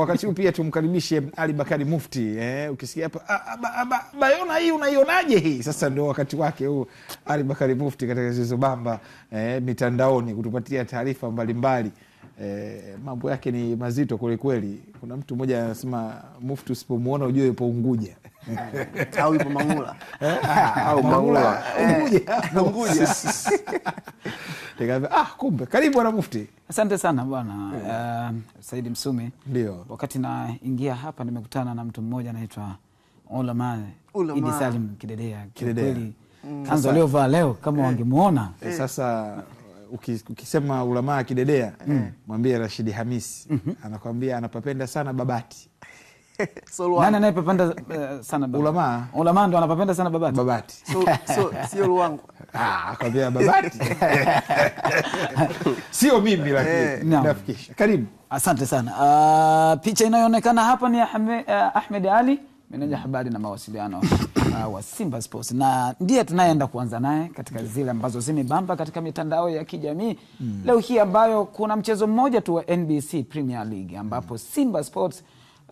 Wakati huu pia tumkaribishe Ali Bakari Mufti. Eh, ukisikia hapa ah, ah, ah, Bayona hii unaionaje hii? Sasa ndio wakati wake huu Ali Bakari Mufti katika Zilizo Bamba eh, mitandaoni kutupatia taarifa mbalimbali. Eh, mambo yake ni mazito kwelikweli Kuna mtu mmoja anasema Mufti usipomwona ujue yupo Unguja. Au yupo Mangula. Eh, Au Mangula. Eh, Unguja. Nikaambia ah, kumbe. Karibu bwana Mufti. Asante sana bwana yeah. Uh, eh, Saidi Msumi. Ndio. Wakati naingia hapa nimekutana na mtu mmoja anaitwa Ulama Idi Salim Kidedea. Kweli mm. Kanzo aliovaa leo kama eh, wangemuona eh. Sasa ukisema ulamaa Kidedea mm. mwambie Rashidi Hamisi mm -hmm. anakwambia anapapenda sana Babati Nani anayepapanda eh, sana baba? Ulama. Ulama ndo anapapenda sana Babati. Babati. So, so sio Luangu. Ah, akwambia Babati. Sio mimi lakini eh. no. Nafikisha. Karibu. Asante sana. Uh, picha inayoonekana hapa ni Ahmed, uh, eh, Ahmed Ali meneja habari na mawasiliano uh, wa Simba Sports na ndiye tunayeenda kuanza naye katika zile ambazo zimebamba katika mitandao ya kijamii mm. Leo hii ambayo kuna mchezo mmoja tu wa NBC Premier League ambapo Simba Sports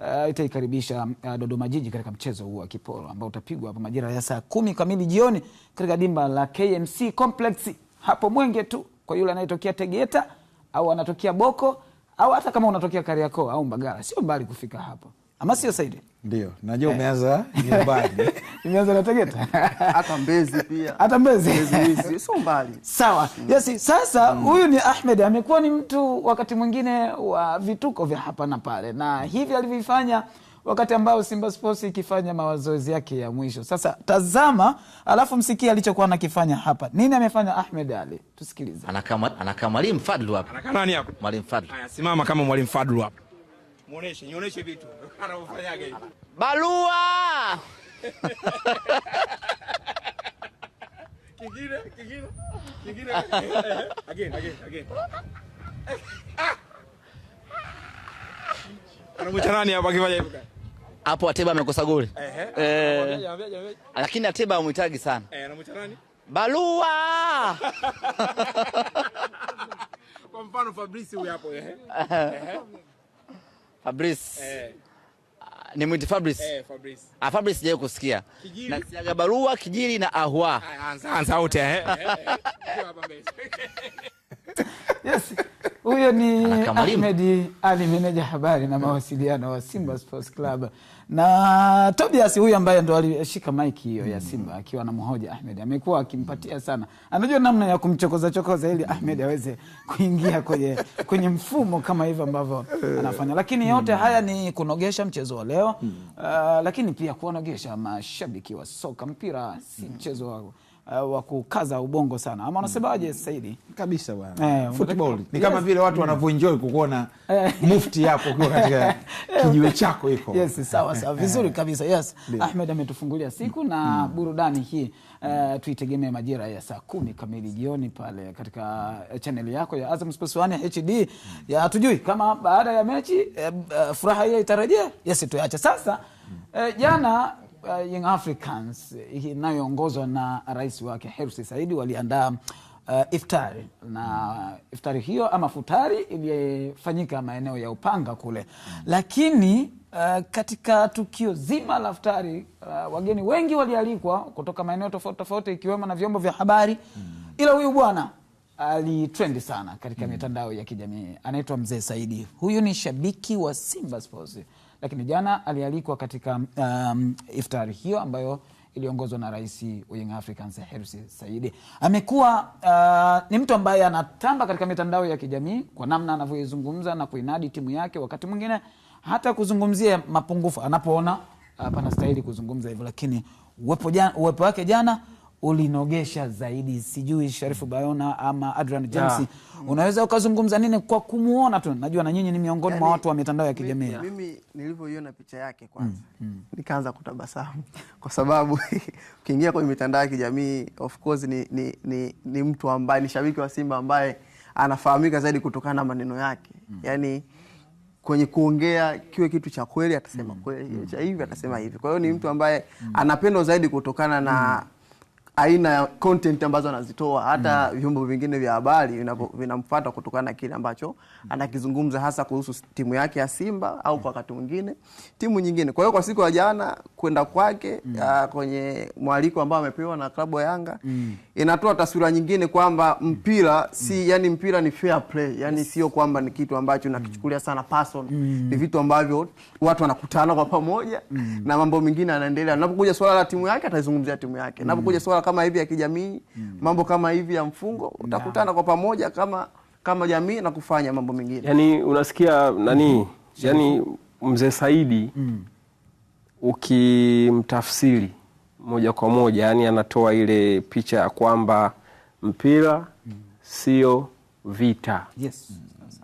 uh, itaikaribisha uh, Dodoma Jiji katika mchezo huu wa kiporo ambao utapigwa hapo majira ya saa kumi kamili jioni katika dimba la KMC Complex hapo Mwenge tu, kwa yule anayetokea Tegeta au anatokea Boko au hata kama unatokea Kariakoo au Mbagala, sio mbali kufika hapo ama sio Saidi? Ndio, najua eh. umeanza nyumbani. Nimeanza na Tegeta, hata Mbezi pia, hata Mbezi sio mbali. Sawa. mm. Yes, sasa mm. huyu mm. ni Ahmed, amekuwa ni mtu wakati mwingine wa vituko vya hapa na pale, na mm. hivi alivyofanya wakati ambao Simba Sports ikifanya mazoezi yake ya mwisho. Sasa tazama, alafu msikie alichokuwa anakifanya hapa. Nini amefanya Ahmed Ali? Tusikilize. Anakaa mwalimu Fadlu hapa, anakaa nani hapo Mwalimu Fadlu. simama kama mwalimu Fadlu hapa Muoneshe, nionyeshe vitu. Anafanyaje hivi? Barua. Kingine, kingine. Kingine. Again, again, again. Anamwita hapa akifanya hivyo? Hapo Ateba amekosa goli. Eh. Lakini Ateba amuhitaji sana. Eh, anamwita nani? Barua. Kwa mfano Fabrice huyu hapo eh. Fabrice. Eh. Ah, ni mwiti Fabrice. Eh, Fabrice. Ah, Fabrice sijawahi kusikia. Kijiri. Na siaga barua, kijiri na ahwa. Anza anza wote eh. eh, eh, eh. Yes. Huyo ni Ahmed Ali, meneja habari na mawasiliano wa Simba mm. Sports Club, na Tobias huyu ambaye ndo alishika maiki hiyo ya mm. Simba akiwa na mhoja Ahmed, amekuwa akimpatia sana, anajua namna ya kumchokoza chokoza ili Ahmed mm. aweze kuingia kwenye, kwenye mfumo kama hivyo ambavyo eh. anafanya. Lakini yote haya ni kunogesha mchezo wa leo uh, lakini pia kuwanogesha mashabiki wa soka. Mpira si mchezo wao uh, wa kukaza ubongo sana ama unasemaje mm. Saidi kabisa bwana eh, football ni kama yes. vile watu wanavyoenjoy kukuona eh. mufti yako ukiwa katika kijiwe chako iko yes, sawa sawa eh, vizuri kabisa yes. Ahmed ametufungulia siku na mm. burudani hii uh, tuitegemee majira ya saa kumi kamili jioni pale katika chaneli yako ya Azam Sports One HD mm. ya hatujui kama baada ya mechi uh, uh, furaha hiyo itarejea yes tuache sasa mm. jana uh, Young Africans inayoongozwa na rais wake Hersi saidi waliandaa uh, iftari na iftari hiyo ama futari iliyofanyika maeneo ya Upanga kule, mm. lakini uh, katika tukio zima la iftari uh, wageni wengi walialikwa kutoka maeneo tofauti tofauti ikiwemo na vyombo vya habari hmm. ila huyu bwana alitrendi sana katika mm. mitandao ya kijamii anaitwa Mzee Saidi. Huyu ni shabiki wa Simba Sports lakini jana alialikwa katika um, iftari hiyo ambayo iliongozwa na Rais wa Young Africans Hersi Saidi. Amekuwa uh, ni mtu ambaye anatamba katika mitandao ya kijamii kwa namna anavyoizungumza na kuinadi timu yake, wakati mwingine hata kuzungumzia mapungufu anapoona uh, panastahili kuzungumza hivyo, lakini uwepo wake jana ulinogesha zaidi, sijui Sharifu mm. Bayona ama Adrian James yeah. Mm. Unaweza ukazungumza nini kwa kumwona tu? Najua na nyinyi ni miongoni yani, mwa watu wa mitandao ya kijamii. Mimi nilivyoiona picha yake mm, kwanza mm, mm. nikaanza kutabasamu kwa sababu ukiingia kwenye mitandao ya kijamii of course ni, ni, ni, ni mtu ambaye ni shabiki wa Simba ambaye anafahamika zaidi kutokana na maneno yake mm. yani kwenye kuongea kiwe kitu cha kweli atasema mm. kweli, cha hivi atasema hivi. Kwa hiyo ni mtu ambaye mm. anapendwa zaidi kutokana na mm aina ya content ambazo anazitoa hata mm. vyombo vingine vya habari vinamfuata kutokana na kile ambacho mm. anakizungumza hasa kuhusu timu yake ya Simba au kwa mm. wakati mwingine timu nyingine. Kwa hiyo kwa siku ya jana kwenda kwake mm. uh, kwenye mwaliko ambao amepewa na klabu ya Yanga mm. inatoa taswira nyingine kwamba mm. mpira si mm. yani mpira ni fair play, yani yes. sio kwamba ni kitu ambacho nakichukulia sana personal mm. ni vitu ambavyo watu wanakutana kwa pamoja mm. na mambo mengine yanaendelea. Napokuja swala la timu yake atazungumzia timu yake. Napokuja swala kama hivi ya kijamii mm. mambo kama hivi ya mfungo utakutana kwa pamoja kama kama jamii na kufanya mambo mengine. Yaani unasikia nani? mm. Yaani mzee Saidi mm. ukimtafsiri moja kwa moja, yani anatoa ile picha ya kwamba mpira mm. sio vita. Yes.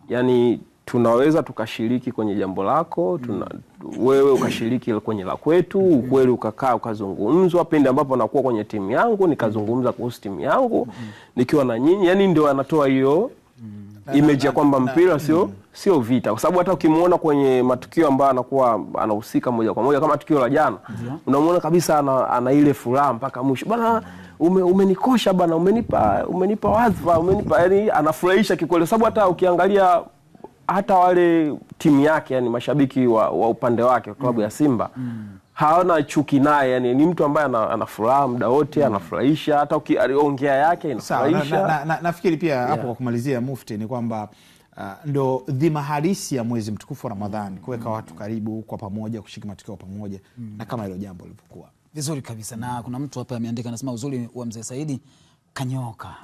Yaani tunaweza tukashiriki kwenye jambo lako tuna, wewe ukashiriki kwenye la kwetu, ukweli ukakaa ukazungumzwa. Pindi ambapo nakuwa kwenye timu yangu nikazungumza kuhusu timu yangu nikiwa na nyinyi, yani ndio anatoa hiyo image ya kwamba mpira sio sio vita, kwa sababu hata ukimwona kwenye matukio ambayo anakuwa anahusika moja kwa moja kama tukio la jana, unamwona kabisa ana, ana ile furaha mpaka mwisho bana ume, umenikosha bana, umenipa umenipa wadhifa, umenipa yani, anafurahisha kikweli, sababu hata ukiangalia hata wale timu yake yani mashabiki wa, wa upande wake klabu mm. ya Simba mm. hawana chuki naye yani, ni mtu ambaye anafuraha muda wote mm. anafurahisha hata ukiongea yake inafurahisha. Nafikiri na, na, na, pia hapo yeah. kwa kumalizia Mufti ni kwamba uh, ndo dhima halisi ya mwezi mtukufu wa Ramadhani mm. kuweka mm. watu karibu kwa pamoja, kushika matokeo pamoja mm. na kama hilo jambo lilivyokuwa vizuri kabisa, na kuna mtu hapa ameandika anasema uzuri wa mzee Saidi kanyoka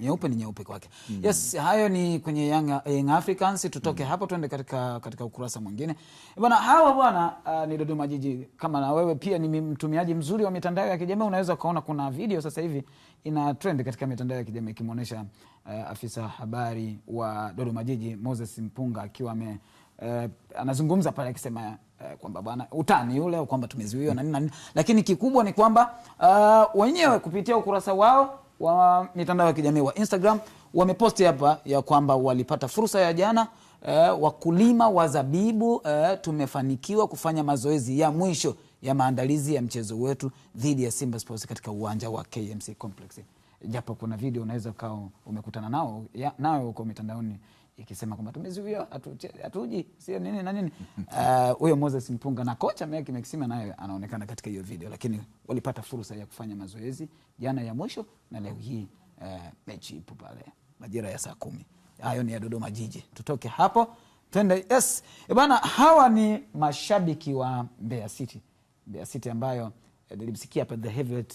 nyeupe ni nyeupe kwake. mm. Yes, hayo ni kwenye Young, Young Africans. Tutoke mm. hapo tuende katika, katika ukurasa mwingine bwana. Hawa bwana uh, ni Dodoma Jiji. Kama na wewe pia ni mtumiaji mzuri wa mitandao ya kijamii, unaweza ukaona kuna video sasa hivi ina trend katika mitandao ya kijamii ikimwonyesha uh, afisa habari wa Dodoma Jiji Moses Mpunga akiwa ame uh, anazungumza pale akisema uh, kwamba bwana utani yule kwamba tumezuiwa na nini na nini, lakini kikubwa ni kwamba uh, wenyewe kupitia ukurasa wao wa mitandao ya kijamii wa Instagram wameposti hapa ya kwamba walipata fursa ya jana uh, wakulima wa zabibu uh, tumefanikiwa kufanya mazoezi ya mwisho ya maandalizi ya mchezo wetu dhidi ya Simba Sports katika uwanja wa KMC Complex japo kuna video unaweza ukawa umekutana nao nayo huko mitandaoni ikisema kwamba tumezuia hatuji sio nini na nini. Eh, huyo uh, Moses Mpunga na kocha Mike Maxima naye anaonekana katika hiyo video, lakini walipata fursa ya kufanya mazoezi jana ya mwisho na leo hii uh, mechi ipo pale majira ya saa kumi. Hayo ni ya Dodoma Jiji. Tutoke hapo twende yes E eh, bana, hawa ni mashabiki wa Mbeya City, Mbeya City ambayo nilimsikia hapa the heavyweight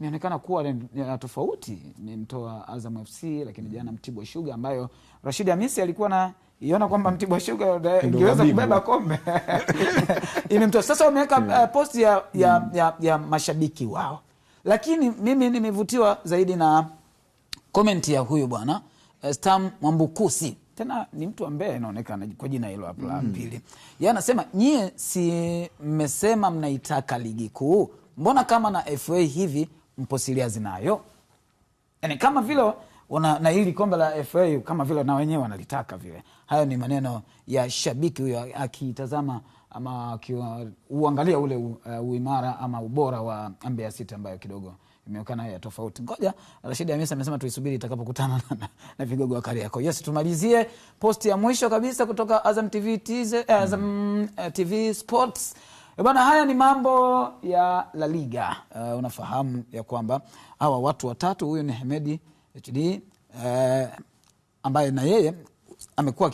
inaonekana kuwa ya tofauti ni mtoa Azam FC, lakini jana Mtibwa Sugar ambayo Rashid Hamisi alikuwa na iona kwamba Mtibwa Sugar ingeweza kubeba kombe imemtoa. Sasa wameweka uh, post ya, ya, mm. ya, ya mashabiki wao, lakini mimi nimevutiwa zaidi na komenti ya huyu bwana uh, Stam Mwambukusi tena ni mtu ambaye anaonekana kwa jina hilo hapo la mm. pili mm. Yeye anasema nyie, si mmesema mnaitaka ligi kuu, mbona kama na FA hivi mposiliazi nayo yani, kama vile una, na hili kombe la FA kama vile na wenyewe wanalitaka vile. Hayo ni maneno ya shabiki huyo akitazama ama uangalia ule uimara uh, uimara ama ubora wa Mbeya City ambayo kidogo imeokana ya tofauti. Ngoja rashidi Hamisa amesema tuisubiri itakapokutana na, na vigogo wa Kariakoo. Yes, tumalizie posti ya mwisho kabisa kutoka Azam TV, tize, Azam, uh, eh, TV Sports. Eh, bana haya ni mambo ya La Liga. Uh, unafahamu ya kwamba hawa watu watatu, huyu ni Hemedi HD uh, eh, ambaye na yeye amekuwa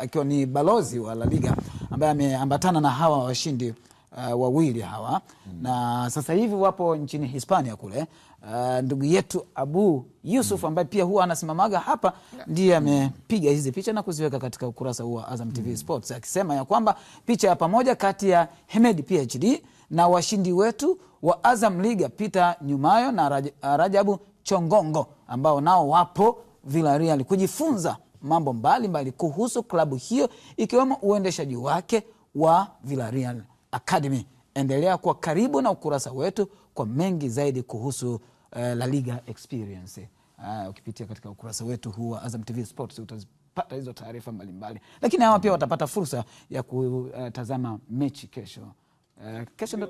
akiwa ni balozi wa La Liga ambaye ameambatana na hawa washindi uh, wawili hawa mm. na sasa hivi wapo nchini Hispania kule uh, ndugu yetu Abu Yusuf mm. ambaye pia huwa anasimamaga hapa yeah. ndiye amepiga hizi picha na kuziweka katika ukurasa huu wa Azam TV mm. Sports akisema ya kwamba picha ya pamoja kati ya hemed PhD na washindi wetu wa Azam Liga Peter Nyumayo na uh, Rajabu Chongongo ambao nao wapo vilarial kujifunza mambo mbalimbali mbali kuhusu klabu hiyo ikiwemo uendeshaji wake wa Villarreal. Academy. Endelea kuwa karibu na ukurasa wetu kwa mengi zaidi kuhusu uh, La Liga experience. Uh, ukipitia katika ukurasa wetu huu wa Azam TV Sports utazipata hizo taarifa mbalimbali, lakini hawa pia watapata fursa ya kutazama mechi kesho. Uh, kesho ndo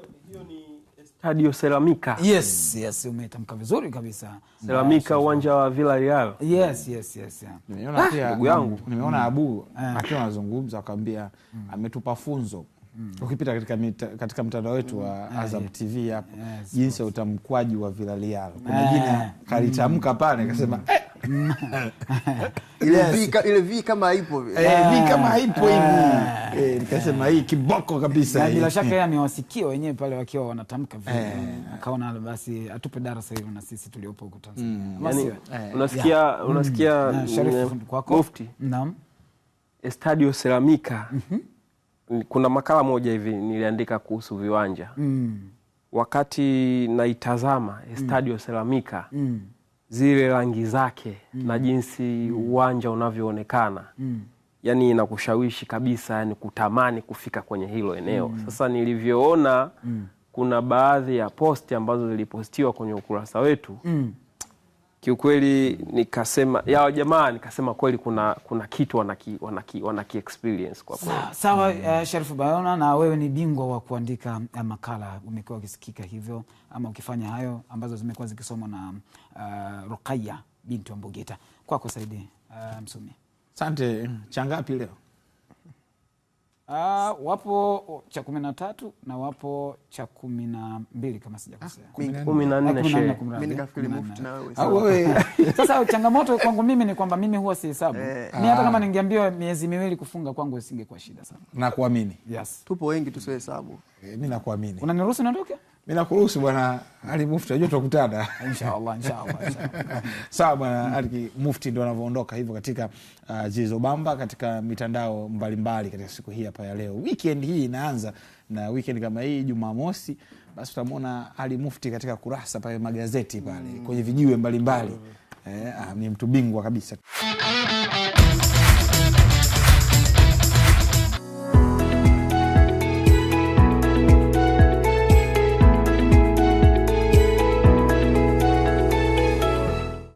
Stadio Seramika. Yes, yes, umetamka vizuri kabisa. Seramika uwanja wa Villarreal. Yes, yes, yes. Nimeona pia ndugu yangu, nimeona Abu mm. akiwa anazungumza akamwambia mm. ametupa funzo mm. ukipita katika, mita, katika mtandao wetu wa mm. Azam TV hapo yes, jinsi ya utamkwaji wa Villarreal kuna eh. jina kalitamka mm. pale kasema mm. Eh. ile yes. vi kama haipo eh, vii kama haipo hivi eh. eh, nikasema hii kiboko kabisa. Bila shaka yeye amewasikia wenyewe pale wakiwa wanatamka vile, akaona basi atupe darasa hilo na sisi tuliopo huko Tanzania. Mm. Yani, unasikia yeah. unasikia mm. Sharifu kwako. Mufti. Naam. Estadio Ceramika. Mm -hmm kuna makala moja hivi niliandika kuhusu viwanja mm. Wakati naitazama mm. Estadio mm. Selamika mm. zile rangi zake mm. na jinsi mm. uwanja unavyoonekana mm. yani inakushawishi kabisa, yani kutamani kufika kwenye hilo eneo mm. Sasa nilivyoona mm. kuna baadhi ya posti ambazo zilipostiwa kwenye ukurasa wetu mm kiukweli nikasema ya jamaa nikasema kweli kuna kuna kitu wanaki, wanaki, wanaki experience kwa kweli. Sawa, mm. Uh, eh, Sharifu Bayona, na wewe ni bingwa wa kuandika uh, makala, umekuwa ukisikika hivyo ama ukifanya hayo ambazo zimekuwa zikisomwa na uh, eh, Rukaya binti wa Mbogeta. Kwako Saidi uh, Msumi. Asante, changapi leo? Ah, wapo cha kumi na tatu na wapo cha kumi na mbili kama sijakosea. Ah, na Sasa changamoto kwangu mimi ni kwamba mimi huwa sihesabu. Eh, ni hata ah. kama ningeambiwa miezi miwili kufunga kwangu isingekuwa shida sana. Nakuamini. Yes. Tupo wengi tusiohesabu. Eh, mimi nakuamini. Unaniruhusu niondoke? mi nakuruhusu bwana Ali Mufti, najua tutakutana Sawa bwana Ali Mufti ndo anavyoondoka hivyo katika uh, Zilizobamba katika mitandao mbalimbali mbali katika siku hii hapa ya leo. wkend hii inaanza na wkend kama hii Jumamosi, basi utamwona Ali Mufti katika kurasa pale magazeti pale mm. kwenye vijiwe mbalimbali mbali. mm. Eh, ah, ni mtu bingwa kabisa